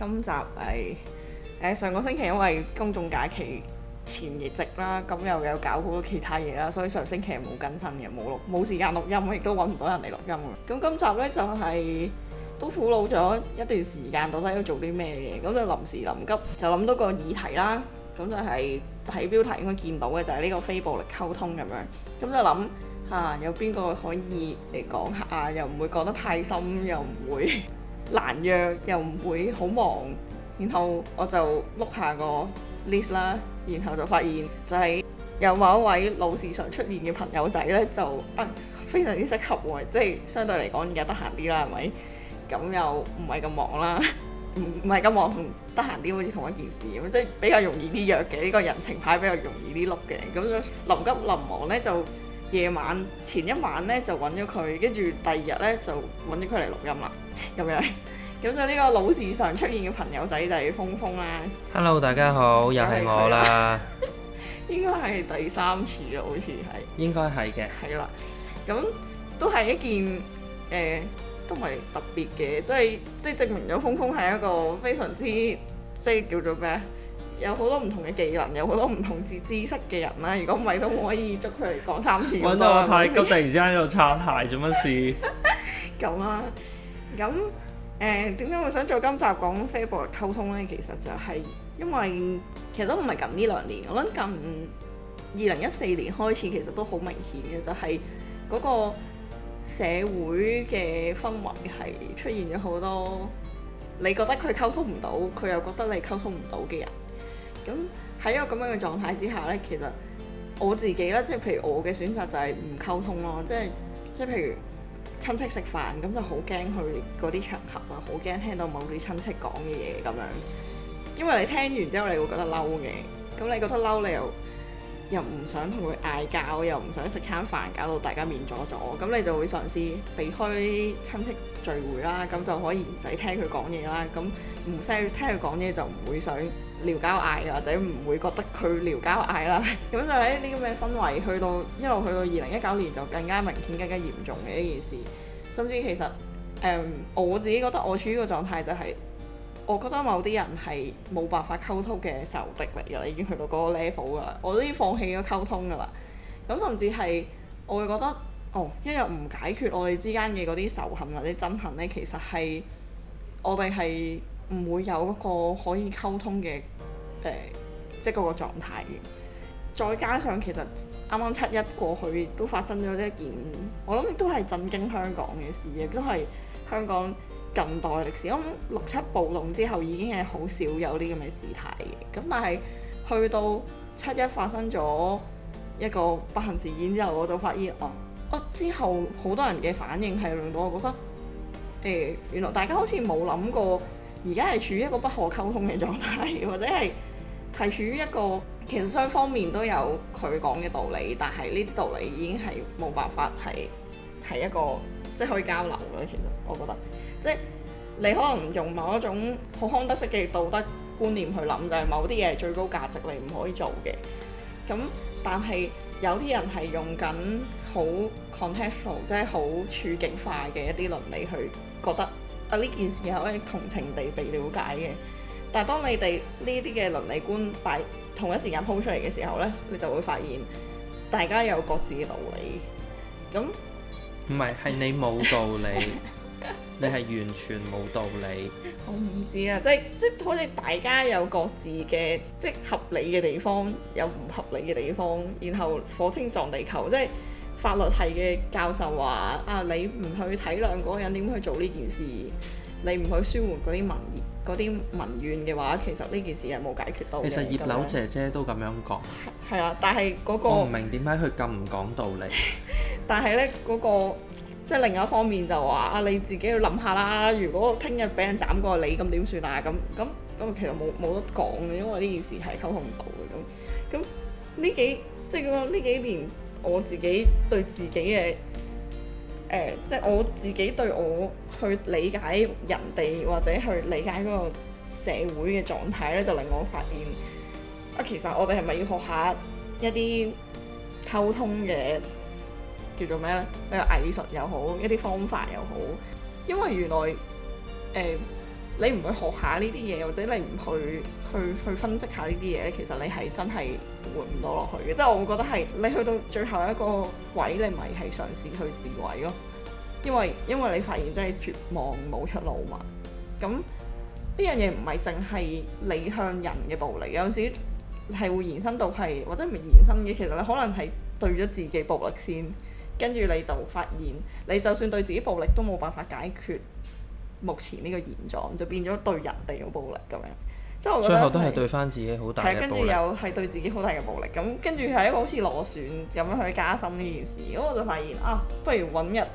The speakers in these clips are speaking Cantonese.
今集係誒、呃、上個星期因為公眾假期前夕啦，咁又有搞好多其他嘢啦，所以上星期冇更新嘅，冇錄冇時間錄音，亦都揾唔到人嚟錄音嘅。咁今集呢，就係、是、都苦惱咗一段時間到底要做啲咩嘢，咁就臨時臨急就諗到個議題啦。咁就係睇標題應該見到嘅就係、是、呢個非暴力溝通咁樣。咁就諗下、啊、有邊個可以嚟講下，啊、又唔會講得太深，又唔會。 難約又唔會好忙，然後我就碌下個 list 啦，然後就發現就係有某一位老是常出現嘅朋友仔呢，就啊，非常之適合我，即係相對嚟講而家得閒啲啦，係咪？咁又唔係咁忙啦，唔，唔係咁忙，同得閒啲好似同一件事咁，即係比較容易啲約嘅，呢個人情牌比較容易啲碌嘅。咁就臨急臨忙呢，就夜晚前一晚呢，就揾咗佢，跟住第二日呢，就揾咗佢嚟錄音啦。入嚟，咁就呢個老是常出現嘅朋友仔就係豐豐啦。Hello，大家好，又係我啦。 應該係第三次咯，好似係。應該係嘅。係啦、 嗯，咁都係一件誒、呃，都唔係特別嘅，即係即係證明咗豐豐係一個非常之即係、就是、叫做咩？有好多唔同嘅技能，有好多唔同知知識嘅人啦。如果唔係，都唔可以捉佢嚟講三次。揾到我太急。知突然之間喺度擦鞋做乜事？咁啦、 啊。咁誒點解我想做今集講非暴力溝通呢？其實就係因為其實都唔係近呢兩年，我諗近二零一四年開始，其實都好明顯嘅，就係嗰個社會嘅氛圍係出現咗好多你覺得佢溝通唔到，佢又覺得你溝通唔到嘅人。咁喺一個咁樣嘅狀態之下呢，其實我自己呢，即係譬如我嘅選擇就係唔溝通咯，即係即係譬如。親戚食飯，咁就好驚去嗰啲場合啊，好驚聽到某啲親戚講嘅嘢咁樣。因為你聽完之後，你會覺得嬲嘅，咁你覺得嬲，你又又唔想同佢嗌交，又唔想食餐飯，搞到大家面阻咗。咁你就會嘗試避開啲親戚聚會啦，咁就可以唔使聽佢講嘢啦，咁唔使聽佢講嘢就唔會想。聊交嗌或者唔會覺得佢聊交嗌啦，咁 就喺呢啲咁嘅氛圍去到一路去到二零一九年就更加明顯、更加嚴重嘅呢件事，甚至其實誒、嗯、我自己覺得我處於個狀態就係、是、我覺得某啲人係冇辦法溝通嘅仇敵嚟㗎啦，已經去到嗰個 level 㗎啦，我都已經放棄咗溝通㗎啦。咁甚至係我會覺得，哦，一日唔解決我哋之間嘅嗰啲仇恨或者憎恨呢，其實係我哋係。唔會有嗰個可以溝通嘅誒、呃，即係嗰個狀態。再加上其實啱啱七一過去都發生咗一件，我諗都係震驚香港嘅事，亦都係香港近代歷史。我諗六七暴動之後已經係好少有呢咁嘅事態嘅。咁但係去到七一發生咗一個不幸事件之後，我就發現哦，哦，之後好多人嘅反應係令到我覺得，原來大家好似冇諗過。而家係處於一個不可溝通嘅狀態，或者係係處於一個其實雙方面都有佢講嘅道理，但係呢啲道理已經係冇辦法係係一個即係可以交流嘅。其實我覺得，即係你可能用某一種好康德式嘅道德觀念去諗，就係某啲嘢係最高價值你唔可以做嘅。咁但係有啲人係用緊好 contextual 即係好處境化嘅一啲倫理去覺得。啊，呢件事情可以同情地被了解嘅，但係當你哋呢啲嘅倫理觀擺同一時間鋪出嚟嘅時候咧，你就會發現大家有各自嘅、嗯、道理，咁唔係係你冇道理，你係完全冇道理。我唔知啊，即係即係好似大家有各自嘅即係合理嘅地方，有唔合理嘅地方，然後火星撞地球，即係。法律系嘅教授話：啊，你唔去體諒嗰個人點去做呢件事，你唔去舒緩嗰啲民，民怨啲民怨嘅話，其實呢件事係冇解決到嘅。其實葉劉姐姐都咁樣講。係、嗯、啊，但係嗰、嗰個我唔明點解佢咁唔講道理。 但係咧，嗰、嗰個即係另一方面就話：啊，你自己要諗下啦，如果聽日俾人斬過你，咁點算啊？咁咁咁，其實冇冇得講嘅，因為呢件事係溝通唔到嘅。咁咁呢幾即係呢幾年。我自己對自己嘅誒、呃，即係我自己對我去理解人哋或者去理解嗰個社會嘅狀態咧，就令我發現啊、呃，其實我哋係咪要學下一啲溝通嘅叫做咩咧？誒，藝術又好，一啲方法又好，因為原來誒、呃、你唔去學下呢啲嘢，或者你唔去去去分析下呢啲嘢咧，其實你係真係活唔到落去嘅。即係我會覺得係你去到最後一個位，你咪係嘗試去自毀咯。因為因為你發現真係絕望冇出路嘛。咁呢樣嘢唔係淨係你向人嘅暴力，有陣時係會延伸到係，或者唔係延伸嘅，其實你可能係對咗自己暴力先，跟住你就發現，你就算對自己暴力都冇辦法解決目前呢個現狀，就變咗對人哋嘅暴力咁樣。我覺得最後都係對翻自己好大嘅，係啊，跟住又係對自己好大嘅暴力，咁跟住係一個好似螺旋咁樣去加深呢件事，咁我就發現啊，不如揾日，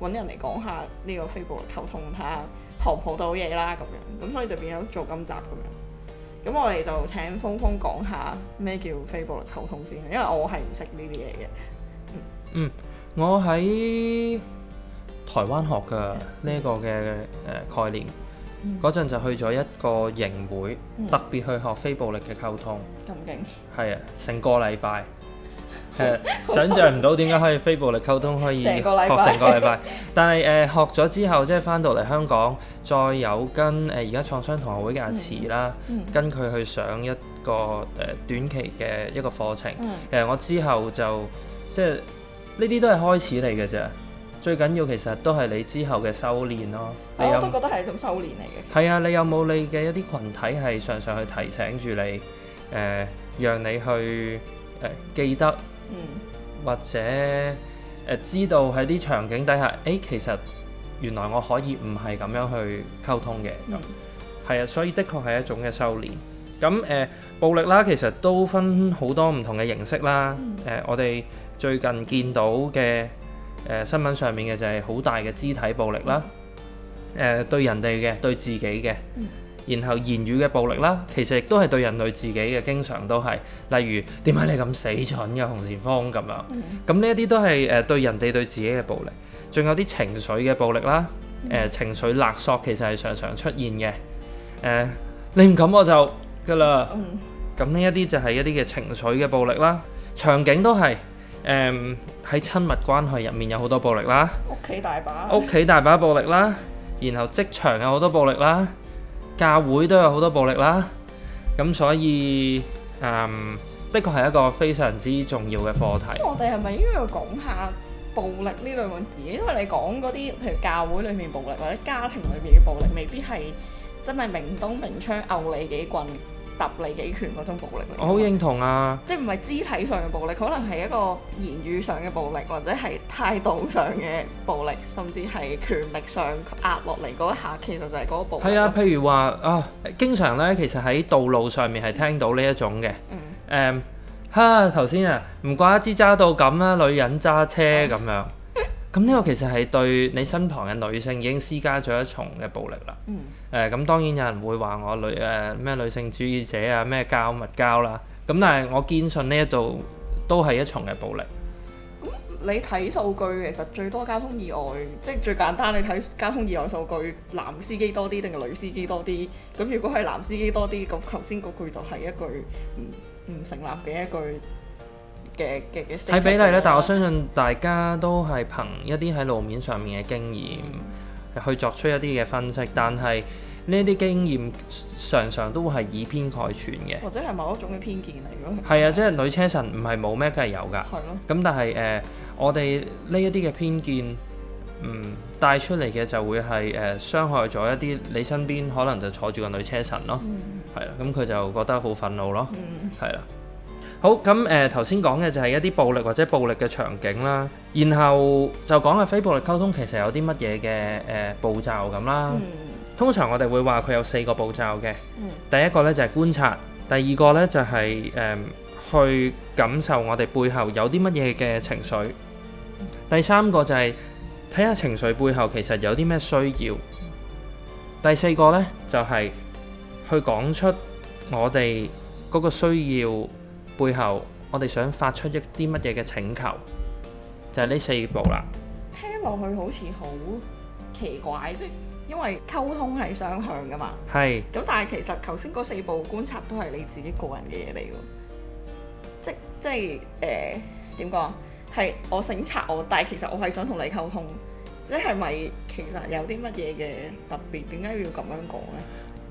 揾人嚟講下呢個非暴力溝通下，學唔普到嘢啦咁樣，咁所以就變咗做今集咁樣，咁我哋就請豐豐講下咩叫非暴力溝通先，因為我係唔識呢啲嘢嘅。嗯，嗯，我喺台灣學嘅呢個嘅誒概念。嗯嗰陣、嗯、就去咗一個營會，嗯、特別去學非暴力嘅溝通。咁勁！係啊，成個禮拜，係 想像唔到點解可以非暴力溝通可以學成個禮拜。 但係誒、呃、學咗之後，即係返到嚟香港，再有跟誒而家創傷同學會嘅阿慈啦，嗯、跟佢去上一個誒短期嘅一個課程。誒、嗯嗯、我之後就即係呢啲都係開始嚟嘅啫。最緊要其實都係你之後嘅修練咯，你有、哦，我都覺得係一種修練嚟嘅。係啊，你有冇你嘅一啲群體係常常去提醒住你，誒、呃，讓你去誒、呃、記得，嗯、或者、呃、知道喺啲場景底下，誒、欸，其實原來我可以唔係咁樣去溝通嘅咁。係、嗯、啊，所以的確係一種嘅修練。咁誒、呃，暴力啦，其實都分好多唔同嘅形式啦。誒、嗯呃，我哋最近見到嘅。誒、呃、新聞上面嘅就係好大嘅肢體暴力啦，誒、呃、對人哋嘅對自己嘅，嗯、然後言語嘅暴力啦，其實亦都係對人類自己嘅，經常都係，例如點解你咁死蠢嘅紅前鋒咁樣，咁呢一啲都係誒、呃、對人哋對自己嘅暴力，仲有啲情緒嘅暴力啦，誒、呃、情緒勒索其實係常常出現嘅，誒、呃、你唔敢我就嘅啦，咁呢、嗯嗯嗯、一啲就係一啲嘅情緒嘅暴力啦，場景都係。誒喺、嗯、親密關係入面有好多暴力啦，屋企大把，屋企大把暴力啦，然後職場有好多暴力啦，教會都有好多暴力啦，咁所以誒、嗯，的確係一個非常之重要嘅課題。嗯、我哋係咪應該要講下暴力呢兩個字？因為你講嗰啲譬如教會裏面暴力或者家庭裏面嘅暴力，未必係真係明刀明槍、毆你幾棍。揼你幾拳嗰種暴力嚟，我好認同啊！即係唔係肢體上嘅暴力，可能係一個言語上嘅暴力，或者係態度上嘅暴力，甚至係權力上壓落嚟嗰一下，其實就係嗰個暴力。係啊，譬如話啊，經常咧，其實喺道路上面係聽到呢一種嘅，嗯，誒哈頭先啊，唔怪之得揸到咁啦，女人揸車咁樣。嗯咁呢個其實係對你身旁嘅女性已經施加咗一重嘅暴力啦。嗯。咁、呃、當然有人會話我女誒咩女性主義者啊，咩教物教啦。咁但係我堅信呢一度都係一重嘅暴力。咁、嗯、你睇數據其實最多交通意外，即係最簡單你睇交通意外數據，男司機多啲定係女司機多啲？咁如果係男司機多啲，咁頭先嗰句就係一句唔成立嘅一句。睇比例咧，但我相信大家都係憑一啲喺路面上面嘅經驗去作出一啲嘅分析，但係呢啲經驗常常都會係以偏概全嘅，或者係某一種嘅偏見嚟咯。係啊，即係女車神唔係冇咩？梗係有㗎。係咯的。咁但係誒、呃，我哋呢一啲嘅偏見嗯，帶出嚟嘅就會係誒傷害咗一啲你身邊可能就坐住個女車神咯。係啦、嗯，咁佢就覺得好憤怒咯。係啦、嗯。好咁誒，頭先講嘅就係一啲暴力或者暴力嘅場景啦。然後就講下非暴力溝通其實有啲乜嘢嘅誒步驟咁啦。嗯、通常我哋會話佢有四個步驟嘅。嗯、第一個咧就係、是、觀察，第二個咧就係、是、誒、呃、去感受我哋背後有啲乜嘢嘅情緒。第三個就係睇下情緒背後其實有啲咩需要。第四個咧就係、是、去講出我哋嗰個需要。背後，我哋想發出一啲乜嘢嘅請求，就係呢四步啦。聽落去好似好奇怪，即因為溝通係雙向㗎嘛。係。咁但係其實頭先嗰四步觀察都係你自己個人嘅嘢嚟喎，即即係誒點講？係我醒察我，但係其實我係想同你溝通，即係咪其實有啲乜嘢嘅特別？點解要咁樣講呢？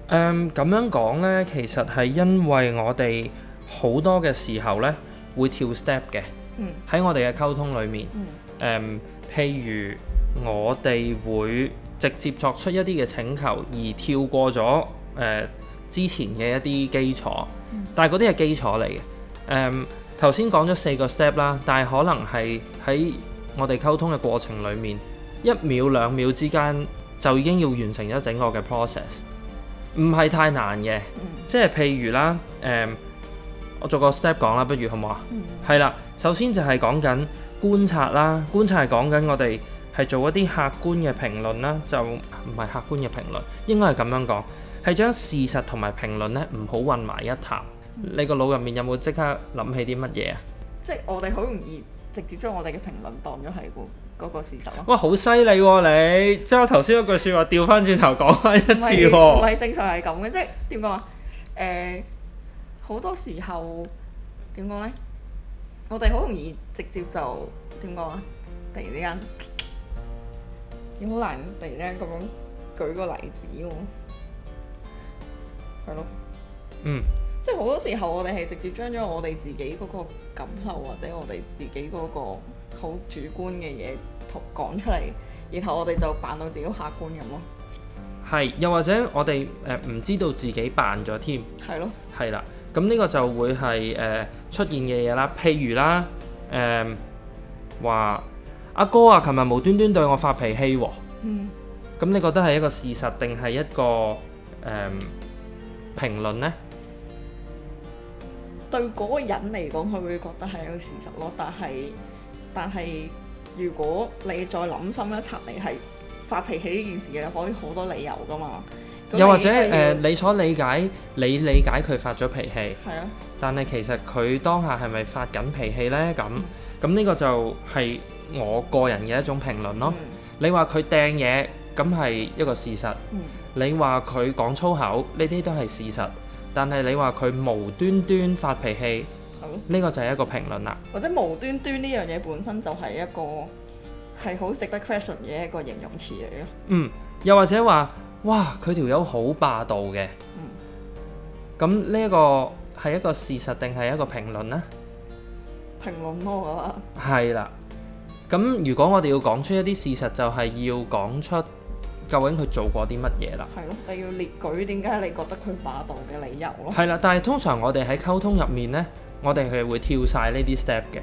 誒咁樣講呢，其實係因為我哋。好多嘅時候呢，會跳 step 嘅，喺、嗯、我哋嘅溝通裡面，嗯嗯、譬如我哋會直接作出一啲嘅請求，而跳過咗、呃、之前嘅一啲基礎，嗯、但係嗰啲係基礎嚟嘅。誒、嗯，頭先講咗四個 step 啦，但係可能係喺我哋溝通嘅過程裡面，一秒兩秒之間就已經要完成咗整個嘅 process，唔係太難嘅，嗯、即係譬如啦，誒、嗯。我做個 step 講啦，不如好唔好啊？係啦、嗯，首先就係講緊觀察啦。觀察係講緊我哋係做一啲客觀嘅評論啦，就唔係客觀嘅評論，應該係咁樣講，係將事實同埋評論咧唔好混埋一談。嗯、你個腦入面有冇即刻諗起啲乜嘢啊？即係我哋好容易直接將我哋嘅評論當咗係嗰個事實咯。哇，好犀利喎你！即係將我頭先一句説話，調翻轉頭講翻一次喎、啊。唔係正常係咁嘅，即係點講啊？誒、呃。好多時候點講咧？我哋好容易直接就點講啊？突然之間，你好難突然之間咁樣舉個例子喎，係咯，嗯，即係好多時候我哋係直接將咗我哋自己嗰個感受或者我哋自己嗰個好主觀嘅嘢講出嚟，然後我哋就扮到自己客觀咁咯。係，又或者我哋誒唔知道自己扮咗添，係咯，係啦。咁呢個就會係誒、呃、出現嘅嘢啦，譬如啦，誒話阿哥啊，琴日無端端對我發脾氣喎、哦。嗯。咁你覺得係一個事實定係一個誒、呃、評論呢？對嗰個人嚟講，佢會覺得係一個事實咯。但係但係，如果你再諗深一層，你係發脾氣呢件事，嘅，可以好多理由噶嘛。又或者誒要、呃，你所理解，你理解佢發咗脾氣，係咯的，但係其實佢當下係咪發緊脾氣咧？咁咁呢個就係我個人嘅一種評論咯。嗯、你話佢掟嘢，咁係一個事實；嗯、你話佢講粗口，呢啲都係事實。但係你話佢無端端發脾氣，呢的個就係一個評論啦。或者無端端呢樣嘢本身就係一個係好值得 question 嘅一個形容詞嚟咯。嗯，又或者話。哇！佢條友好霸道嘅。嗯。咁呢一個係一個事實定係一個評論呢？評論多噶啦。係啦。咁如果我哋要講出一啲事實，就係、是、要講出究竟佢做過啲乜嘢啦。係咯。你要列舉點解你覺得佢霸道嘅理由咯。係啦。但係通常我哋喺溝通入面呢，我哋係會跳晒呢啲 step 嘅。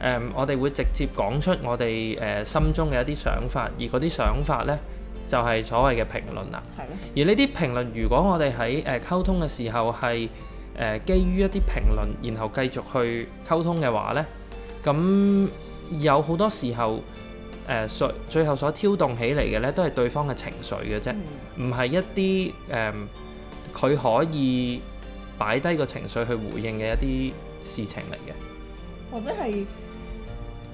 嗯 um, 我哋會直接講出我哋誒、呃、心中嘅一啲想法，而嗰啲想法呢。就係所謂嘅評論啦。嗎而呢啲評論，如果我哋喺誒溝通嘅時候係、呃、基於一啲評論，然後繼續去溝通嘅話呢，咁有好多時候誒最、呃、最後所挑動起嚟嘅呢，都係對方嘅情緒嘅啫，唔係、嗯、一啲誒佢可以擺低個情緒去回應嘅一啲事情嚟嘅。或者係～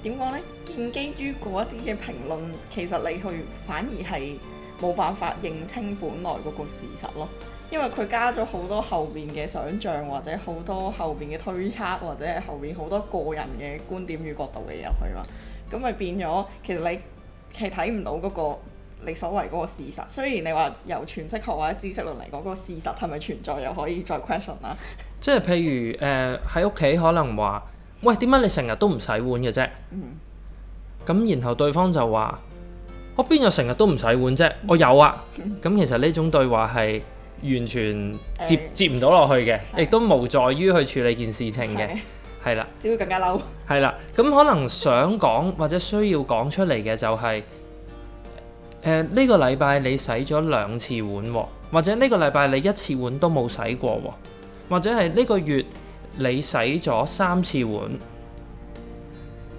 點講呢？建基於嗰一啲嘅評論，其實你去反而係冇辦法認清本來嗰個事實咯。因為佢加咗好多後面嘅想像，或者好多後面嘅推測，或者係後面好多個人嘅觀點與角度嘅入去嘛。咁咪變咗，其實你係睇唔到嗰個你所謂嗰個事實。雖然你話由傳釋學或者知識論嚟講，嗰個事實係咪存在又可以再 question 啦。即係譬如誒，喺屋企可能話。喂，點解你成日都唔洗碗嘅啫？咁、嗯、然後對方就話：我邊有成日都唔洗碗啫？我有啊。咁 其實呢種對話係完全接接唔到落去嘅，呃、亦都無助於去處理件事情嘅，係啦的。只了會更加嬲。係啦，咁可能想講或者需要講出嚟嘅就係、是：誒呢、 呃這個呢禮拜你洗咗兩次碗，或者呢個禮拜你一次碗都冇洗過，或者係呢個月。你洗咗三次碗，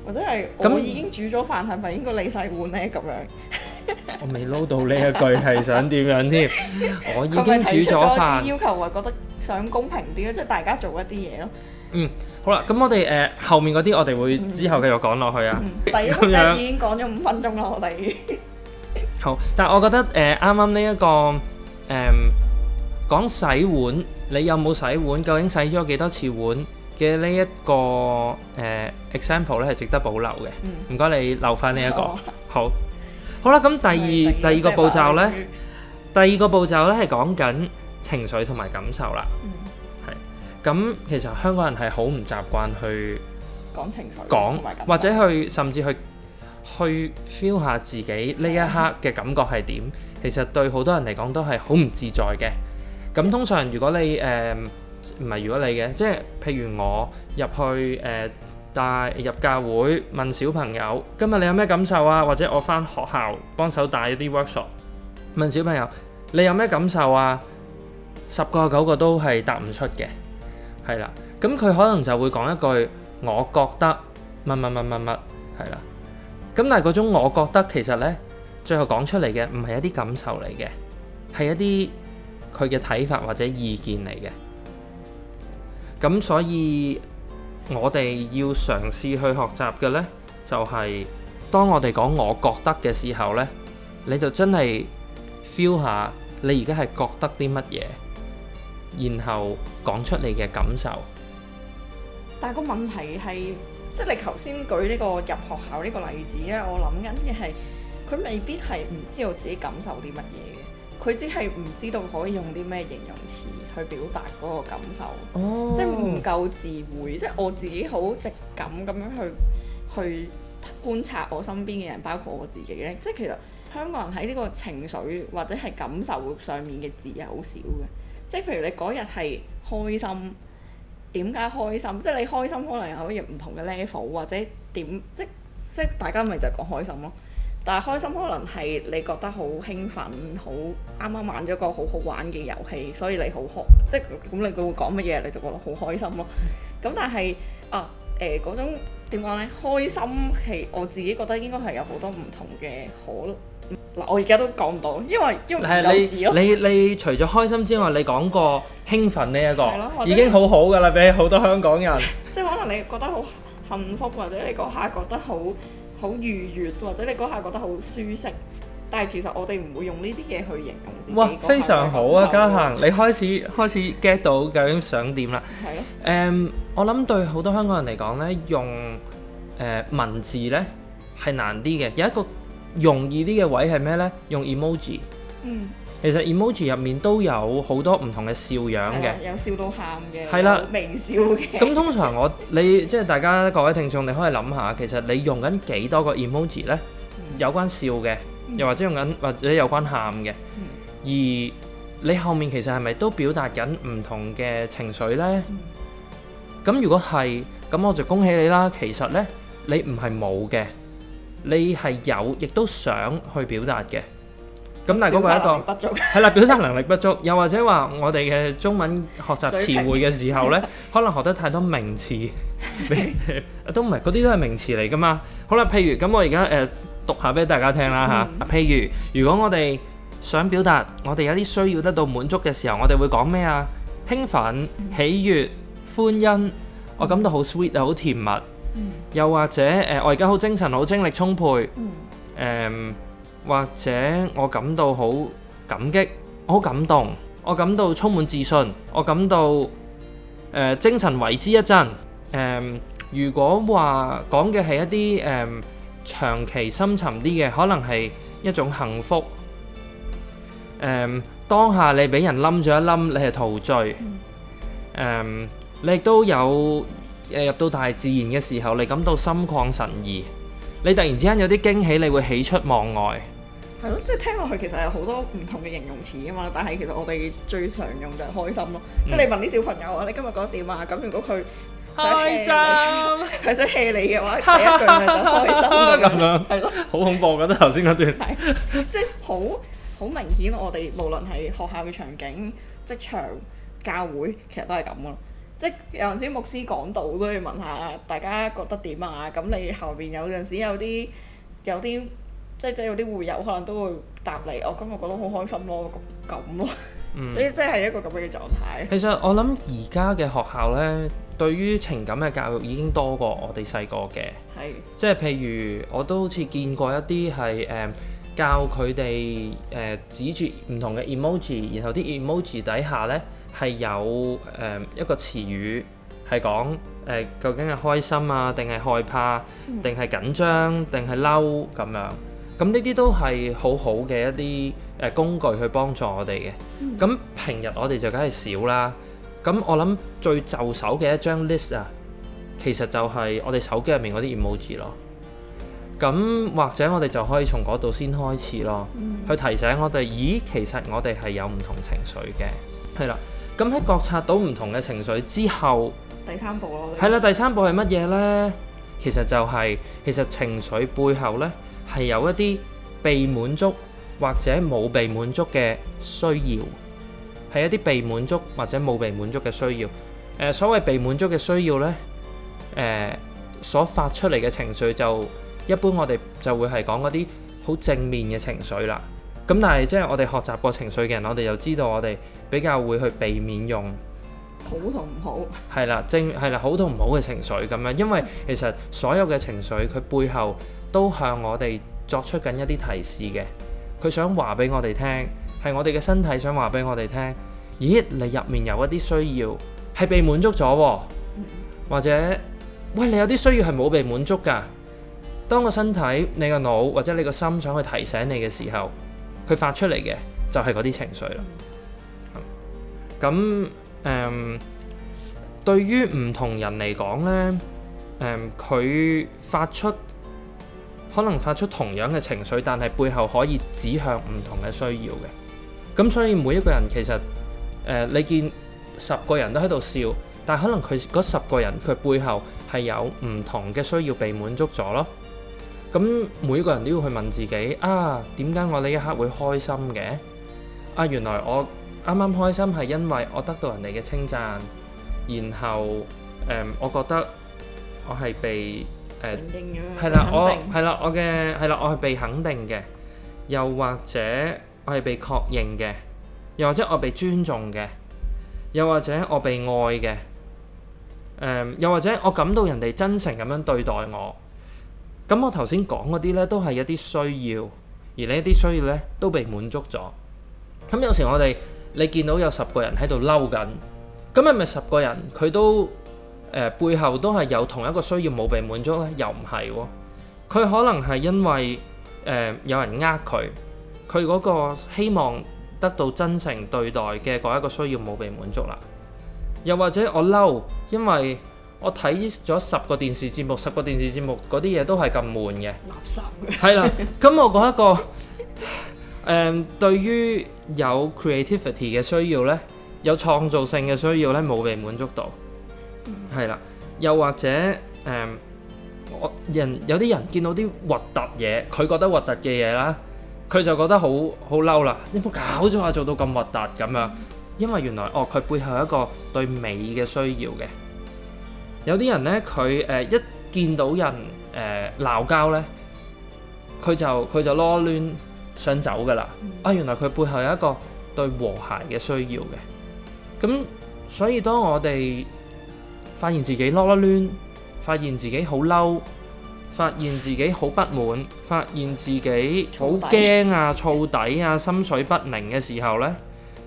或者係那我已經煮咗飯，係咪應該你洗碗咧？咁樣，我未撈到呢一句係想點樣添？我已經煮咗飯。要求我覺得想公平啲咯，即係大家做一啲嘢咯。嗯，好啦，咁我哋誒、呃、後面嗰啲我哋會之後繼續講落去啊。 嗯、第一集樣已經講咗五分鐘啦，我哋 。好，但係我覺得誒啱啱呢一個誒、呃、講洗碗。你有冇洗碗？究竟洗咗幾多次碗嘅呢一個誒 example 咧，係、呃、值得保留嘅。唔該、嗯，你留翻呢一個、嗯，好。好。好啦，咁第二、嗯、第二個步驟呢？嗯、第二個步驟咧係講緊情緒同埋感受啦。咁、嗯、其實香港人係好唔習慣去講情緒，或者去甚至去去 feel 下自己呢一刻嘅感覺係點。嗯、其實對好多人嚟講都係好唔自在嘅。咁通常如果你誒唔係如果你嘅，即係譬如我入去誒帶入教會問小朋友，今日你有咩感受啊？或者我翻學校幫手帶一啲 workshop，問小朋友你有咩感受啊？十個有九個都係答唔出嘅，係啦。咁佢可能就會講一句我覺得乜乜乜乜乜係啦。咁但係嗰種我覺得其實咧，最後講出嚟嘅唔係一啲感受嚟嘅，係一啲。佢嘅睇法或者意見嚟嘅，咁所以我哋要嘗試去學習嘅呢，就係當我哋講我覺得嘅時候呢，你就真係 feel 下你而家係覺得啲乜嘢，然後講出你嘅感受。但係個問題係，即係你頭先舉呢個入學校呢個例子咧，我諗緊嘅係佢未必係唔知道自己感受啲乜嘢嘅。佢只係唔知道可以用啲咩形容詞去表達嗰個感受，oh. 即係唔夠智慧。即係我自己好直感咁樣去去觀察我身邊嘅人，包括我自己咧。即係其實香港人喺呢個情緒或者係感受上面嘅字係好少嘅。即係譬如你嗰日係開心，點解開心？即係你開心可能有唔同嘅 level，或者點？即即大家咪就係講開心咯。但係開心可能係你覺得好興奮，好啱啱玩咗個好好玩嘅遊戲，所以你好開，即係咁你佢會講乜嘢你就覺得好開心咯。咁但係啊誒嗰、呃、種點講呢？開心係我自己覺得應該係有好多唔同嘅好，嗱，我而家都講唔到，因為因為唔夠字咯。你你，你，你除咗開心之外，你講過興奮呢、這、一個已經好好噶啦，比起好多香港人。即係可能你覺得好幸福，或者你嗰下覺得好。好愉悅，或者你嗰下覺得好舒適，但係其實我哋唔會用呢啲嘢去形容自己嗰下嘅感受。哇，非常好啊，嘉恒贏，啊、你開始開始 get 到究竟想點啦。係咯了。Um, 我諗對好多香港人嚟講咧，用誒、呃、文字咧係難啲嘅。有一個容易啲嘅位係咩咧？用 emoji。嗯。其實 emoji 入面都有好多唔同嘅笑樣嘅、啊，有笑到喊嘅，啊、有微笑嘅。咁 通常我你即係大家各位聽眾，你可以諗下，其實你用緊幾多個 emoji 咧？嗯、有關笑嘅，又或者用緊或者有關喊嘅。嗯、而你後面其實係咪都表達緊唔同嘅情緒咧？咁、嗯、如果係，咁我就恭喜你啦。其實咧，你唔係冇嘅，你係有，亦都想去表達嘅。咁但係嗰個一個係啦，表達能力不足，又或者話我哋嘅中文學習詞彙嘅時候咧，可能學得太多名詞，都唔係嗰啲都係名詞嚟㗎嘛。好啦，譬如咁，我而家誒讀下俾大家聽啦嚇。譬如如果我哋想表達我哋有啲需要得到滿足嘅時候，我哋會講咩啊？興奮、喜悅、歡欣，我感到好 sweet 啊，好甜蜜。又或者誒，我而家好精神，好精力充沛。誒。或者我感到好感激，我好感動，我感到充滿自信，我感到、呃、精神為之一振、呃。如果話講嘅係一啲誒、呃、長期深沉啲嘅，可能係一種幸福。誒、呃，當下你俾人冧咗一冧，你係陶醉。呃、你亦都有、呃、入到大自然嘅時候，你感到心曠神怡。你突然之間有啲驚喜，你會喜出望外。係咯，即係聽落去其實有好多唔同嘅形容詞㗎嘛，但係其實我哋最常用就係開心咯。嗯、即係你問啲小朋友啊，你今日覺得點啊？咁如果佢想開心， 氣你，係想氣你嘅話，第一句咪就開心咁樣。係咯 樣，了好恐怖㗎！頭先嗰段， 即係好好明顯，我哋無論係學校嘅場景、職場、教會，其實都係咁咯。即係有陣時牧師講道，都要問問下大家覺得點啊？咁你後邊有陣時有啲有啲。有即係即係有啲會友可能都會答你，我今日覺得好開心咯，咁咯、 嗯，所以即係一個咁樣嘅狀態。其實我諗而家嘅學校咧，對於情感嘅教育已經多過我哋細個嘅。係是。即係譬如我都好似見過一啲係誒教佢哋誒指住唔同嘅 emoji，然後啲 emoji 底下咧係有誒、嗯、一個詞語係講誒究竟係開心啊，定係害怕，定係緊張，定係嬲咁樣。嗯咁呢啲都係好好嘅一啲誒工具去幫助我哋嘅。咁、嗯、平日我哋就梗係少啦。咁我諗最就手嘅一張 list 啊，其實就係我哋手機入面嗰啲 emoji 咯。咁或者我哋就可以從嗰度先開始咯，嗯、去提醒我哋，咦，其實我哋係有唔同情緒嘅。係啦，咁喺覺察到唔同嘅情緒之後，第三步咯，係啦，第三步係乜嘢咧？其實就係、是、其實情緒背後咧。係有一啲被滿足或者冇被滿足嘅需要，係一啲被滿足或者冇被滿足嘅需要。誒，所謂被滿足嘅需要呢，誒、呃、所發出嚟嘅情緒就一般，我哋就會係講嗰啲好正面嘅情緒啦。咁但係即係我哋學習過情緒嘅人，我哋就知道我哋比較會去避免用好同唔好。係啦，正係啦，好同唔好嘅情緒咁樣，因為其實所有嘅情緒佢背後。都向我哋作出緊一啲提示嘅，佢想話俾我哋聽，係我哋嘅身體想話俾我哋聽，咦，你入面有一啲需要係被滿足咗，或者喂你有啲需要係冇被滿足㗎。當個身體、你個腦或者你個心想去提醒你嘅時候，佢發出嚟嘅就係嗰啲情緒啦。咁誒、嗯，對於唔同人嚟講呢，誒、嗯、佢發出。可能發出同樣嘅情緒，但係背後可以指向唔同嘅需要嘅。咁所以每一個人其實誒、呃，你見十個人都喺度笑，但係可能佢嗰十個人佢背後係有唔同嘅需要被滿足咗咯。咁每一個人都要去問自己啊，點解我呢一刻會開心嘅？啊，原來我啱啱開心係因為我得到人哋嘅稱讚，然後誒、呃，我覺得我係被。誒係啦，我係啦，我嘅係啦，我係被肯定嘅，又或者我係被確認嘅，又或者我被尊重嘅，又或者我被愛嘅，誒、呃、又或者我感到人哋真誠咁樣對待我，咁我頭先講嗰啲咧都係一啲需要，而呢一啲需要咧都被滿足咗。咁有時我哋你見到有十個人喺度嬲緊，咁係咪十個人佢都？呃、背後都係有同一個需要冇被滿足咧，又唔係喎。佢可能係因為、呃、有人呃佢，佢嗰個希望得到真情對待嘅嗰一個需要冇被滿足啦。又或者我嬲，因為我睇咗十個電視節目，十個電視節目嗰啲嘢都係咁悶嘅，垃圾嘅。 係啦、嗰個，咁我嗰一個誒對於有 creativity 嘅需要咧，有創造性嘅需要咧，冇被滿足到。係啦，又或者誒，我人有啲人見到啲核突嘢，佢覺得核突嘅嘢啦，佢就覺得好好嬲啦！你冇搞錯下，做到咁核突咁樣，因為原來哦，佢背後一個對美嘅需要嘅。有啲人咧，佢誒一見到人誒鬧交咧，佢就佢就囉囉攣想走㗎啦。啊，原來佢背後有一個對和諧嘅需要嘅。咁所以當我哋發現自己囉囉攣，發現自己好嬲，發現自己好不滿，發現自己好驚啊、燥底啊、心水不寧嘅時候呢，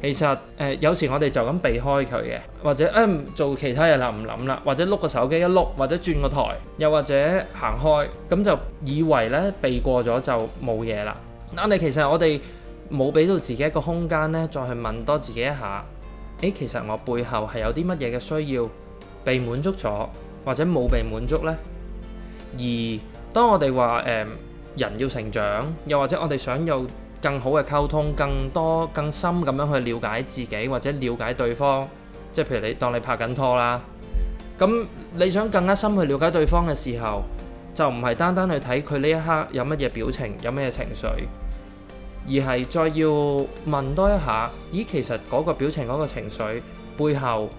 其實誒、呃、有時我哋就咁避開佢嘅，或者誒、哎、做其他嘢啦，唔諗啦，或者碌個手機一碌，或者轉個台，又或者行開，咁就以為呢避過咗就冇嘢啦。嗱，你其實我哋冇俾到自己一個空間呢，再去問多自己一下，誒、欸、其實我背後係有啲乜嘢嘅需要？被滿足咗，或者冇被滿足呢？而當我哋話誒人要成長，又或者我哋想有更好嘅溝通，更多更深咁樣去了解自己，或者了解對方，即係譬如你當你拍緊拖啦，咁你想更加深去了解對方嘅時候，就唔係單單去睇佢呢一刻有乜嘢表情，有咩情緒，而係再要問多一下，咦，其實嗰個表情，嗰個情緒背後，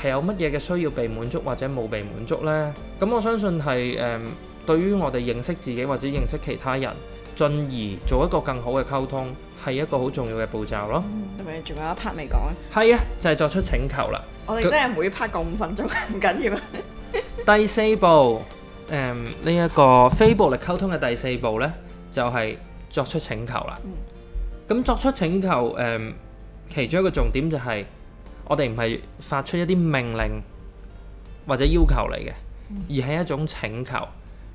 係有乜嘢嘅需要被滿足或者冇被滿足呢？咁我相信係誒、嗯，對於我哋認識自己或者認識其他人，進而做一個更好嘅溝通，係一個好重要嘅步驟咯。咁咪仲有一 part 未講啊？係啊，就係、是、作出請求啦。我哋真係每 part 講五分鐘，唔緊要啦。 第四步，誒呢一個非暴力溝通嘅第四步呢，就係、是、作出請求啦。咁、嗯、作出請求誒、嗯，其中一個重點就係、是。我哋唔係發出一啲命令或者要求嚟嘅，而係一種請求。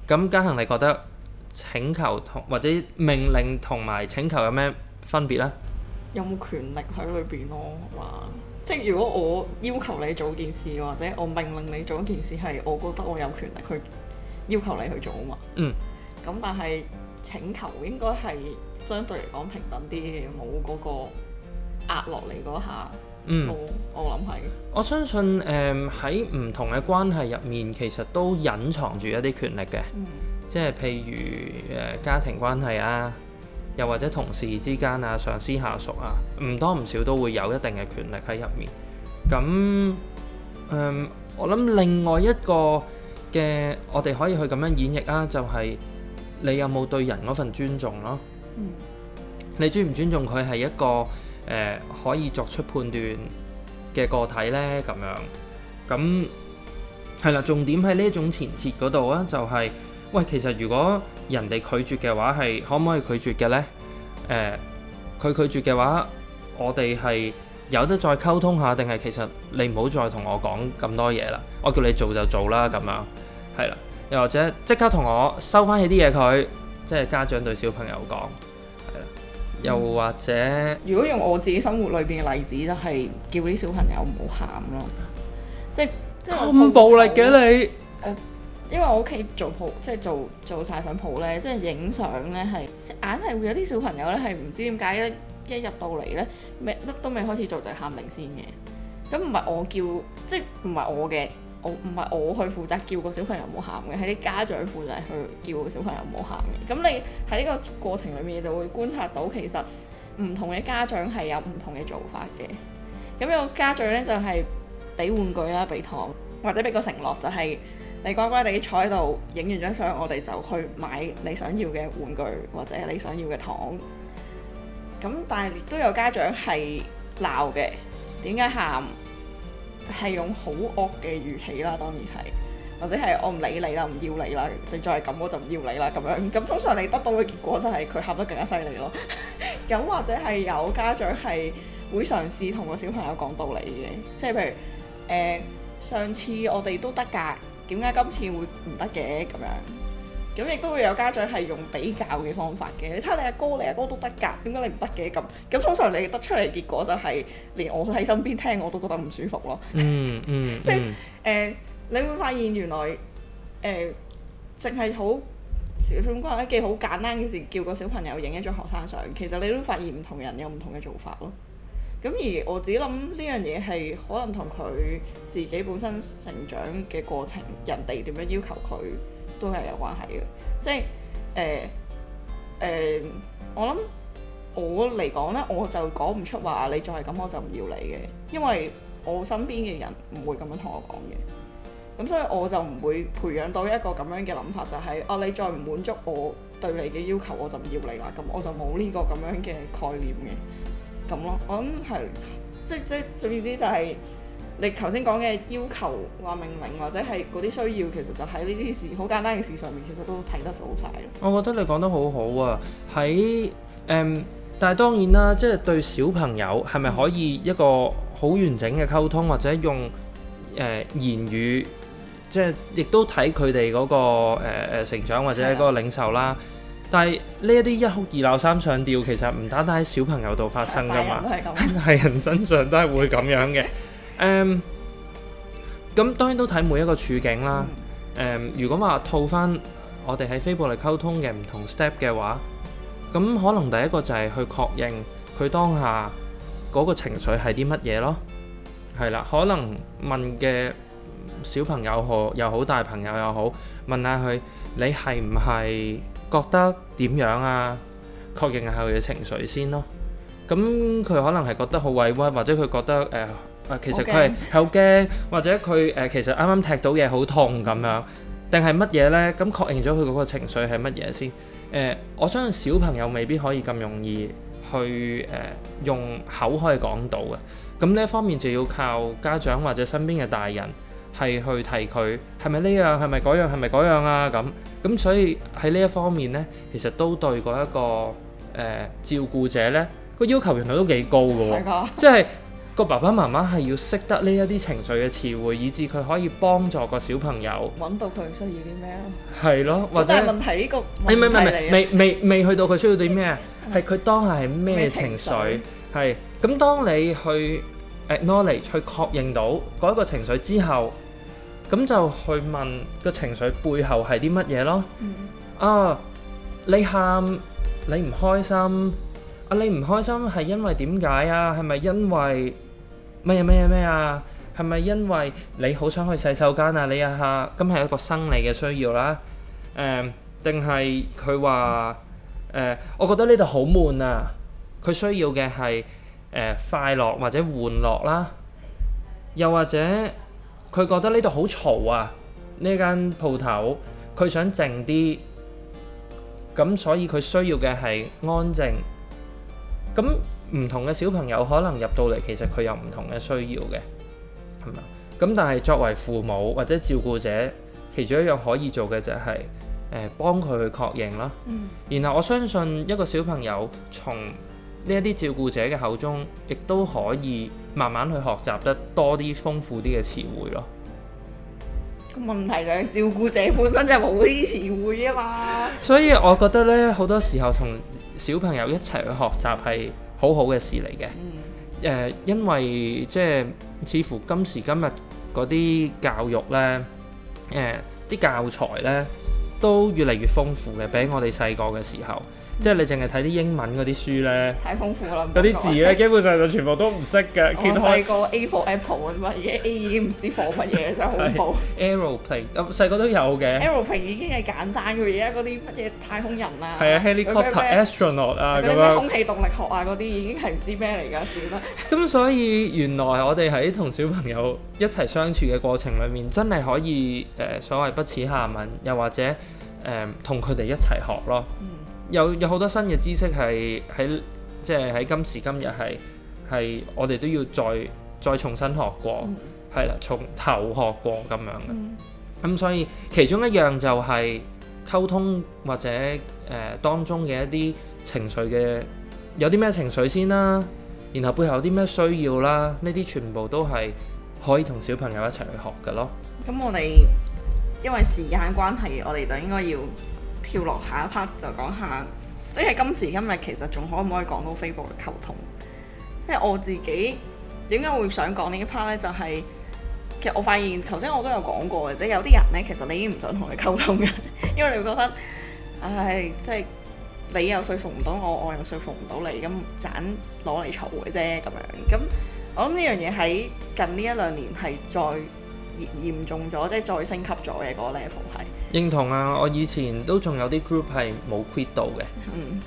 咁嘉恒，你覺得請求同或者命令同埋請求有咩分別呢？有冇權力喺裏邊咯？話即係如果我要求你做件事，或者我命令你做一件事，係我覺得我有權力去要求你去做啊嘛。嗯。咁但係請求應該係相對嚟講平等啲嘅，冇嗰個壓落嚟嗰下。嗯，我諗係。我相信誒喺唔同嘅關係入面，其實都隱藏住一啲權力嘅，嗯、即係譬如誒、呃、家庭關係啊，又或者同事之間啊、上司下屬啊，唔多唔少都會有一定嘅權力喺入面。咁誒、嗯嗯，我諗另外一個嘅，我哋可以去咁樣演繹啊，就係、是、你有冇對人嗰份尊重咯、啊？嗯、你尊唔尊重佢係一個，誒、呃、可以作出判斷嘅個體呢，咁樣咁係啦。重點喺呢一種前提嗰度啊，就係、是、喂，其實如果人哋拒絕嘅話，係可唔可以拒絕嘅呢？誒、呃，佢拒絕嘅話，我哋係有得再溝通下，定係其實你唔好再同我講咁多嘢啦，我叫你做就做啦，咁樣係啦。又或者即刻同我收翻起啲嘢，佢即係家長對小朋友講。又或者，如果用我自己生活裏邊嘅例子，就係、是、叫啲小朋友唔好喊咯，即係即係咁暴力嘅，啊，你，呃，我因為我屋企做鋪，即係做做曬相鋪咧，即係影相咧，係硬係會有啲小朋友咧，係唔知點解一入到嚟咧，咩乜都未開始做就喊鳴先嘅。咁唔係我叫，即係唔係我嘅。我唔係我去負責叫個小朋友冇喊嘅，係啲家長負責去叫個小朋友冇喊嘅。咁你喺呢個過程裏面你就會觀察到，其實唔同嘅家長係有唔同嘅做法嘅。咁有家長呢，就係俾玩具啦，俾糖，或者俾個承諾，就係你乖乖哋坐喺度影完張相，我哋就去買你想要嘅玩具或者你想要嘅糖。咁但係亦都有家長係鬧嘅，點解喊？係用好惡嘅語氣啦，當然係，或者係我唔理你啦，唔要你啦，你再係咁我就唔要你啦咁樣。咁通常你得到嘅結果就係佢喊得更加犀利咯。咁 或者係有家長係會嘗試同個小朋友講道理嘅，即係譬如誒、呃、上次我哋都得㗎，點解今次會唔得嘅咁樣。咁亦都會有家長係用比較嘅方法嘅，你睇你阿哥，哥，你阿哥，哥都得㗎，點解你唔得嘅咁？咁通常你得出嚟結果就係，連我喺身邊聽我都覺得唔舒服咯 嗯。嗯嗯。即係誒、呃，你會發現原來誒，淨係好小一啲好簡單嘅事，叫個小朋友影一張學生相，其實你都發現唔同人有唔同嘅做法咯。咁而我自己諗呢樣嘢係可能同佢自己本身成長嘅過程，人哋點樣要求佢。都係有關係嘅，即係誒誒，我諗我嚟講呢，我就講唔出話你再係咁我就唔要你嘅，因為我身邊嘅人唔會咁樣同我講嘅，咁所以我就唔會培養到一個咁樣嘅諗法，就係啊，你再唔滿足我對你嘅要求，我就唔要你啦，咁我就冇呢個咁樣嘅概念嘅，咁咯，我諗係即即總言之就係。你頭先講嘅要求話命令，或者係嗰啲需要，其實就喺呢啲事好簡單嘅事上面，其實都睇得到曬。我覺得你講得好好啊，喺誒、嗯，但係當然啦，即係對小朋友係咪可以一個好完整嘅溝通，或者用誒、呃、言語，即係亦都睇佢哋嗰個誒、呃、成長或者嗰個領受啦。的但係呢一啲一哭二鬧三上吊，其實唔單單喺小朋友度發生㗎嘛，係人， 人身上都係會咁樣嘅。 誒咁當然都睇每一個處境啦。誒如果話套翻我哋喺非暴力溝通嘅唔同 step 嘅話，咁可能第一個就係去確認佢當下嗰個情緒係啲乜嘢咯。係啦，可能問嘅小朋友好又好，大朋友又好，問下佢你係唔係覺得點樣啊？確認下佢嘅情緒先咯。咁佢可能係覺得好委屈，或者佢覺得誒。啊、呃，其實佢係好驚，或者佢誒其實啱啱踢到嘢好痛咁樣，定係乜嘢呢？咁確認咗佢嗰個情緒係乜嘢先？誒、呃，我相信小朋友未必可以咁容易去誒、呃、用口可以講到嘅。咁、嗯、呢一方面就要靠家長或者身邊嘅大人係去提佢係咪呢樣，係咪嗰樣，係咪嗰樣啊？咁咁、嗯、所以喺呢一方面呢，其實都對嗰、那、一個誒、呃、照顧者呢，個要求原來都幾高嘅喎，即係、 就是。個爸爸媽媽係要識得呢一啲情緒嘅詞彙，以致佢可以幫助個小朋友揾到佢需要啲咩。係咯，或者問題個問題嚟。唔係唔係唔係，未未未去到佢需要啲咩啊？係佢當下係咩情緒？係咁，當你去 acknowledge 去確認到嗰一個情緒之後，咁就去問個情緒背後係啲乜嘢咯。啊，你喊你唔開心啊？你唔開心係因為點解啊？係咪因為？乜嘢咩嘢咩啊？係咪因為你好想去洗手間啊？你下咁係一個生理嘅需要啦、啊。誒、嗯，定係佢話誒？我覺得呢度好悶啊。佢需要嘅係誒快樂或者玩樂啦、啊。又或者佢覺得呢度好嘈啊，呢間鋪頭佢想靜啲。咁、嗯、所以佢需要嘅係安靜。咁、嗯唔同嘅小朋友可能入到嚟，其實佢有唔同嘅需要嘅，係咪？咁但係作為父母或者照顧者，其中一樣可以做嘅就係誒幫佢去確認啦。嗯。然後我相信一個小朋友從呢一啲照顧者嘅口中，亦都可以慢慢去學習得多啲豐富啲嘅詞彙咯。個問題就係照顧者本身就冇呢啲詞彙啊嘛。所以我覺得咧，好多時候同小朋友一齊去學習係。好好嘅事嚟嘅，誒、呃，因為即係似乎今時今日嗰啲教育咧，誒、呃，啲教材咧都越嚟越豐富嘅，比我哋細個嘅時候。即係你淨係睇啲英文嗰啲書咧，太豐富啦！嗰啲字咧，基本上就全部都唔識嘅。我細個 A for Apple 啊，點解而家 A 已經唔知講乜嘢就恐怖。Aeroplane 啊，細個都有嘅。Aeroplane 已經係簡單嘅嘢，嗰啲乜嘢太空人啊，係啊，helicopter、astronaut 啊，咁樣，空氣動力學啊嗰啲已經係唔知咩嚟㗎，算啦。咁所以原來我哋喺同小朋友一齊相處嘅過程裡面，真係可以誒所謂不恥下問，又或者誒同佢哋一齊學咯。嗯。有有好多新嘅知識係喺即係喺今時今日係係我哋都要再再重新學過，係啦、嗯，從頭學過咁樣嘅。咁、嗯嗯、所以其中一樣就係溝通或者誒、呃、當中嘅一啲情緒嘅有啲咩情緒先啦，然後背後有啲咩需要啦，呢啲全部都係可以同小朋友一齊去學嘅咯。咁我哋因為時間關係，我哋就應該要。跳落下一 part 就講下，即係今時今日其實仲可唔可以講到非暴力溝通？即係我自己點解會想講呢一 part 呢？就係其實我發現頭先我都有講過嘅，即係有啲人呢，其實你已經唔想同佢溝通嘅，因為你會覺得唉，即係你又說服唔到我，我又說服唔到你，咁盞攞嚟吵嘅啫咁樣。咁我諗呢樣嘢喺近呢一兩年係再嚴重咗，即係再升級咗嘅嗰個 level 係。認同啊！嗯、我以前都仲有啲 group 係冇 quit 到嘅，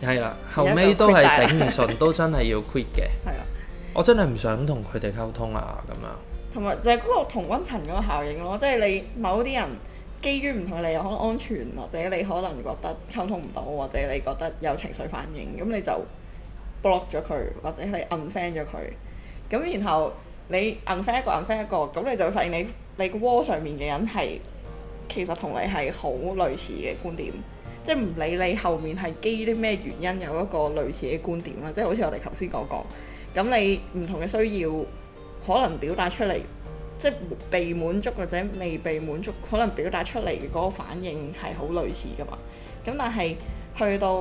係啦、嗯，的後尾都係頂唔順， 都真係要 quit 嘅。係啦的，我真係唔想同佢哋溝通啊咁樣。同埋就係嗰個同溫層嗰個效應咯，即係你某啲人基於唔同理由，可能安全，或者你可能覺得溝通唔到，或者你覺得有情緒反應，咁你就 block 咗佢，或者你 unfriend 咗佢。咁然後你 unfriend 一個 unfriend 一個，咁你就發現你你個 wall 上面嘅人係。其實同你係好類似嘅觀點，即係唔理你後面係基於啲咩原因有一個類似嘅觀點啦，即係好似我哋頭先講過，咁你唔同嘅需要可能表達出嚟，即係被滿足或者未被滿足，可能表達出嚟嘅嗰個反應係好類似㗎嘛。咁但係去到、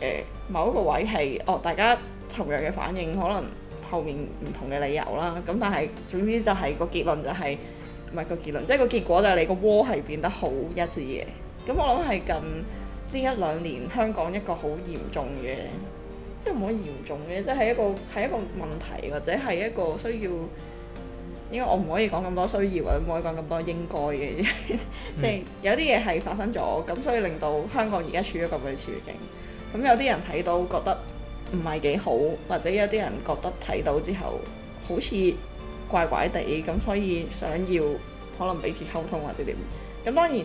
呃、某一個位係，哦大家同樣嘅反應，可能後面唔同嘅理由啦。咁但係總之就係、是那個結論就係、是。唔係個結論，即係個結果就係你個窩係變得好一致嘅。咁我諗係近呢一兩年香港一個好嚴重嘅，即係唔可以嚴重嘅，即係一個係一個問題或者係一個需要，應該我唔可以講咁多需要或者唔可以講咁多應該嘅， 嗯、即係有啲嘢係發生咗，咁所以令到香港而家處咗咁嘅處境。咁有啲人睇到覺得唔係幾好，或者有啲人覺得睇到之後好似。怪怪地咁，所以想要可能彼此溝通或者點。咁當然，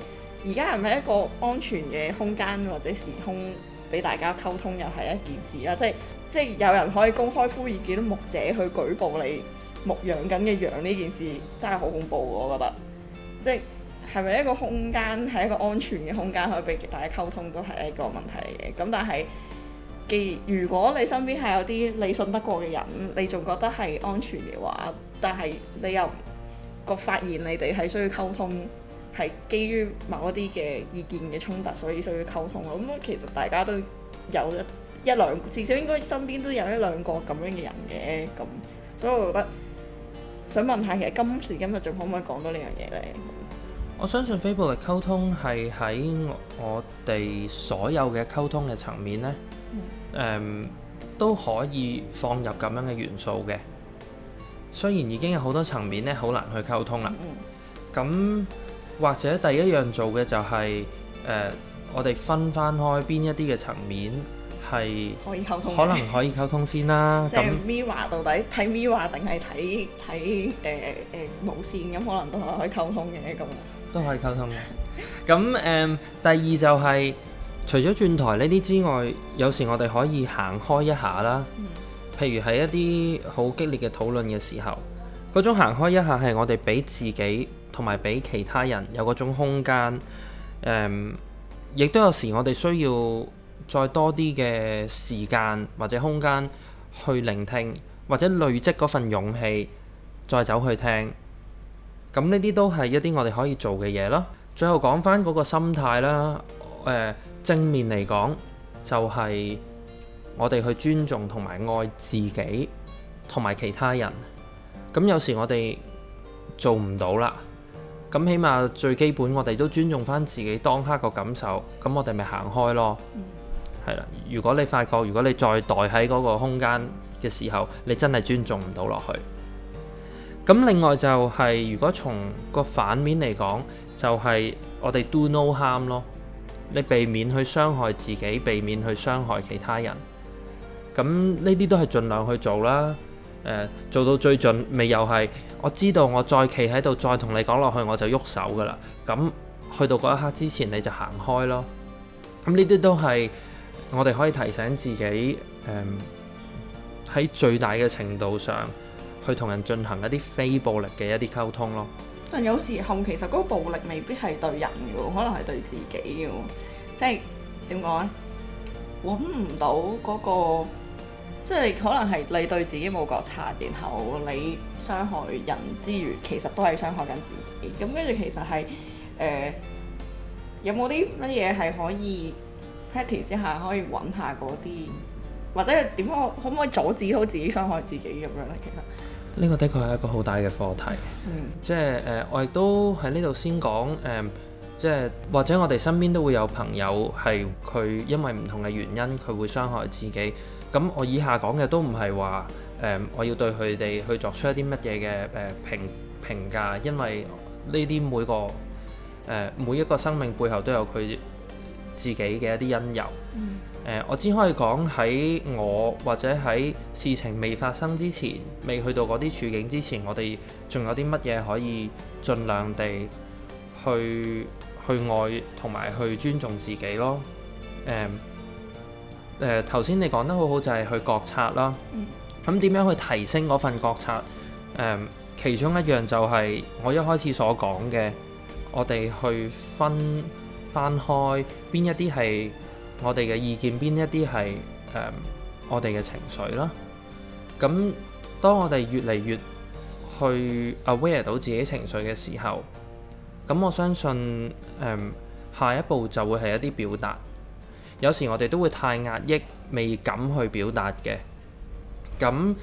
而家係咪一個安全嘅空間或者時空俾大家溝通又係一件事啦、嗯。即係即係有人可以公開呼籲幾多牧者去舉報你牧養緊嘅羊呢件事，真係好恐怖，我覺得即係咪一個空間係一個安全嘅空間可以俾大家溝通都係一個問題嚟嘅。咁但係既，如果你身邊係有啲你信得過嘅人，你仲覺得係安全嘅話，但係你又個發現，你哋係需要溝通，係基於某一啲嘅意見嘅衝突，所以需要溝通咯。咁其實大家都有一一兩，至少應該身邊都有一兩個咁樣嘅人嘅咁，所以我覺得想問下，其實今時今日仲可唔可以講到呢樣嘢呢？我相信非暴力溝通係喺我哋所有嘅溝通嘅層面呢，誒都可以放入咁樣嘅元素嘅。雖然已經有好多層面咧，好難去溝通啦。咁或者第一樣做嘅就係誒，我哋分翻開邊一啲嘅層面係可以溝通，可能可以溝通先啦。即係 Mirror 到底睇 Mirror 定係睇睇誒誒無線？咁可能都係可以溝通嘅咁。都可以溝通嘅。咁誒，第二就係除咗轉台呢啲之外，有時我哋可以行開一下啦。譬如喺一啲好激烈嘅討論嘅時候，嗰種行開一下係我哋俾自己同埋俾其他人有嗰種空間，誒、嗯，亦都有時我哋需要再多啲嘅時間或者空間去聆聽，或者累積嗰份勇氣再走去聽，咁呢啲都係一啲我哋可以做嘅嘢咯。最後講返嗰個心態啦，誒、呃、正面嚟講就係、是。我哋去尊重同埋愛自己，同埋其他人。咁有時我哋做唔到啦。咁起碼最基本，我哋都尊重翻自己當刻個感受。咁我哋咪行開咯。係啦。如果你發覺，如果你再待喺嗰個空間嘅時候，你真係尊重唔到落去。咁另外就係，如果從個反面嚟講，就係我哋 do no harm 咯。你避免去傷害自己，避免去傷害其他人。咁呢啲都係儘量去做啦，誒、呃、做到最盡，未又係我知道我再企喺度再同你講落去我就喐手㗎喇。咁去到嗰一刻之前你就行開咯。咁呢啲都係我哋可以提醒自己，誒、呃、喺最大嘅程度上，去同人進行一啲非暴力嘅一啲溝通咯。但有時候其實嗰個暴力未必係對人嘅，可能係對自己嘅，即係點講咧？揾唔到嗰、嗰個。即係可能係你對自己冇覺察，然後你傷害人之餘，其實都係傷害緊自己。咁跟住其實係誒、呃、有冇啲乜嘢係可以 practice 一下，可以揾下嗰啲或者點樣可唔可以阻止到自己傷害自己咁樣咧？其實呢個的確係一個好大嘅課題。嗯、即係誒，我亦都喺呢度先講誒、嗯，即係或者我哋身邊都會有朋友係佢因為唔同嘅原因，佢會傷害自己。咁我以下講嘅都唔係話誒，我要對佢哋去作出一啲乜嘢嘅誒評評價，因為呢啲每個誒、呃、每一個生命背後都有佢自己嘅一啲因由。誒、嗯呃，我只可以講喺我或者喺事情未發生之前，未去到嗰啲處境之前，我哋仲有啲乜嘢可以盡量地去去愛同埋去尊重自己咯。誒、呃。誒頭先你講得好好就係、是、去覺察啦。咁點樣去提升嗰份覺察嗯？誒其中一樣就係我一開始所講嘅，我哋去分翻開邊一啲係我哋嘅意見，邊一啲係誒我哋嘅情緒啦。咁、嗯、當我哋越嚟越去 aware 到自己情緒嘅時候，咁、嗯、我相信誒、嗯、下一步就會係一啲表達。有時我哋都會太壓抑，未敢去表達嘅。咁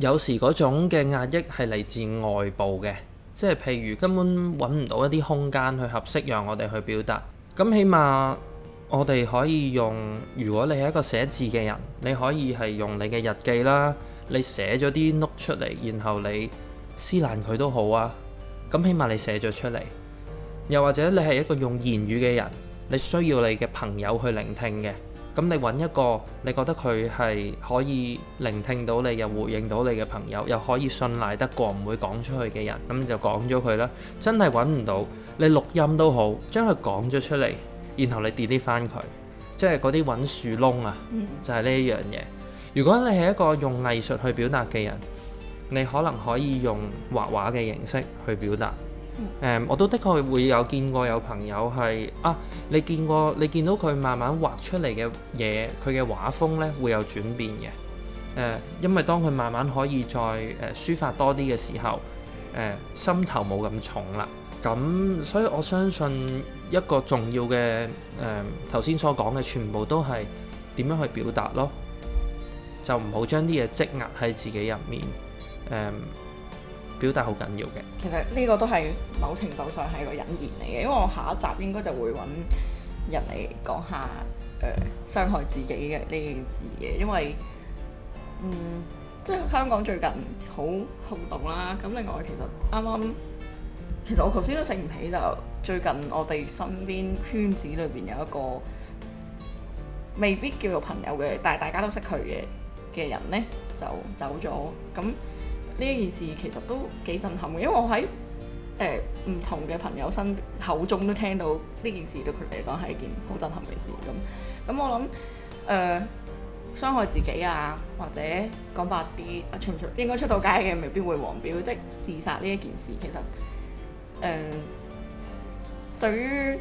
有時嗰種嘅壓抑係嚟自外部嘅，即係譬如根本揾唔到一啲空間去合適讓我哋去表達。咁起碼我哋可以用，如果你係一個寫字嘅人，你可以係用你嘅日記啦，你寫咗啲碌出嚟，然後你撕爛佢都好啊。咁起碼你寫咗出嚟。又或者你係一個用言語嘅人。你需要你嘅朋友去聆聽嘅，咁你揾一個你覺得佢係可以聆聽到你又回應到你嘅朋友，又可以信賴得過唔會講出去嘅人，咁就講咗佢啦。真係揾唔到，你錄音都好，將佢講咗出嚟，然後你 delete 翻佢。即係嗰啲揾樹窿啊，嗯、就係呢一樣嘢。如果你係一個用藝術去表達嘅人，你可能可以用畫畫嘅形式去表達。嗯、我都的確會有見過有朋友係啊，你見過你見到佢慢慢畫出嚟嘅嘢，佢嘅畫風呢會有轉變嘅、呃。因為當佢慢慢可以再誒抒發多啲嘅時候，呃、心頭冇咁重啦。咁所以我相信一個重要嘅誒頭先所講嘅全部都係點樣去表達咯，就唔好將啲嘢積壓喺自己入面。誒、呃。表達好緊要嘅。其實呢個都係某程度上係個引言嚟嘅，因為我下一集應該就會揾人嚟講下誒、呃、傷害自己嘅呢件事嘅，因為嗯即係香港最近好轟動啦。咁另外其實啱啱其實我頭先都醒唔起，就最近我哋身邊圈子裏邊有一個未必叫做朋友嘅，但係大家都識佢嘅嘅人呢，就走咗咁。呢件事其實都幾震撼嘅，因為我喺誒唔同嘅朋友身邊口中都聽到呢件事對佢嚟講係一件好震撼嘅事咁。咁、嗯嗯、我諗誒傷害自己啊，或者講白啲出唔出應該出到街嘅未必會黃標，即係自殺呢一件事其實誒、呃、對於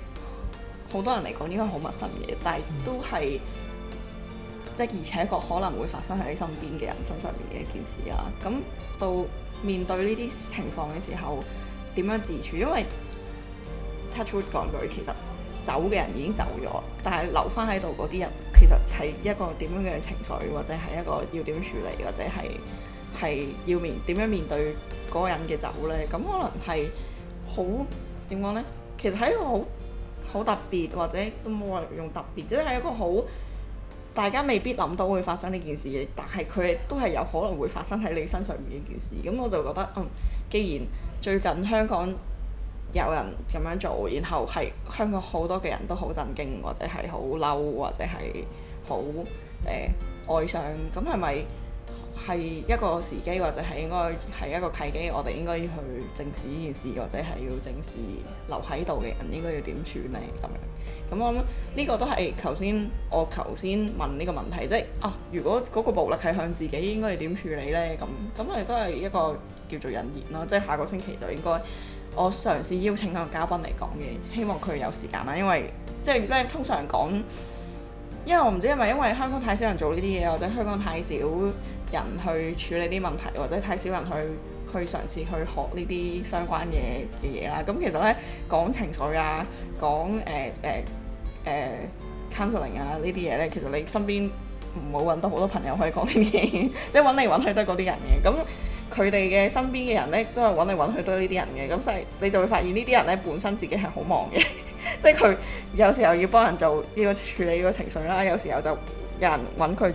好多人嚟講應該好陌生嘅，但係都係即係而且確可能會發生喺你身邊嘅人身上面嘅一件事啦。咁到面對呢啲情況嘅時候，點樣自處？因為 touch wood 講句，其實走嘅人已經走咗，但係留翻喺度嗰啲人，其實係一個點樣嘅情緒，或者係一個要點處理，或者係係要面點樣面對嗰個人嘅走呢？咁可能係好點講呢？其實係一個好好特別，或者都冇話用特別，只係一個好。大家未必諗到會發生呢件事，但係佢哋都係有可能會發生喺你身上面嘅一件事。咁我就覺得，嗯，既然最近香港有人咁樣做，然後係香港好多嘅人都好震驚，或者係好嬲，或者係好誒哀傷，咁係咪？係一個時機，或者係應該係一個契機，我哋應該要去正視呢件事，或者係要正視留喺度嘅人應該要點處理咁樣，樣。咁我諗呢個都係頭先我頭先問呢個問題，即係啊，如果嗰個暴力係向自己，應該要點處理呢？咁咁亦都係一個叫做引言咯，即係下個星期就應該我嘗試邀請一個嘉賓嚟講嘅，希望佢有時間啦，因為即係咧通常講，因為我唔知係咪因為香港太少人做呢啲嘢，或者香港太少。人去處理啲問題，或者太少人去去嘗試去學呢啲相關嘅嘅嘢啦。咁其實咧講情緒啊，講誒誒誒 counseling 啊呢啲嘢咧，其實你身邊唔好揾到好多朋友可以講呢啲嘢，即係揾嚟揾去都係嗰啲人嘅。咁佢哋嘅身邊嘅人咧，都係揾嚟揾去都係呢啲人嘅。咁所以你就會發現呢啲人咧，本身自己係好忙嘅，即係佢有時候要幫人做呢、呢、要、個、處理呢個情緒啦，有時候就有人揾佢。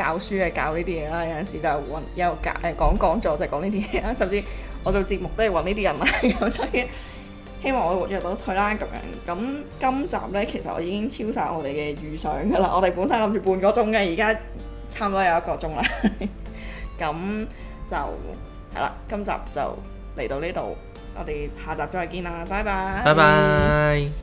教書係教呢啲嘢啦，有陣時就揾又教誒講講,講座就講呢啲嘢啦，甚至我做節目都係揾呢啲人啊，咁 所以希望我約到佢啦咁樣。咁今集呢，其實我已經超晒我哋嘅預想㗎啦，我哋本身諗住半個鐘嘅，而家差唔多有一個鐘啦。咁 就係啦，今集就嚟到呢度，我哋下集再見啦，拜拜 bye bye。拜拜。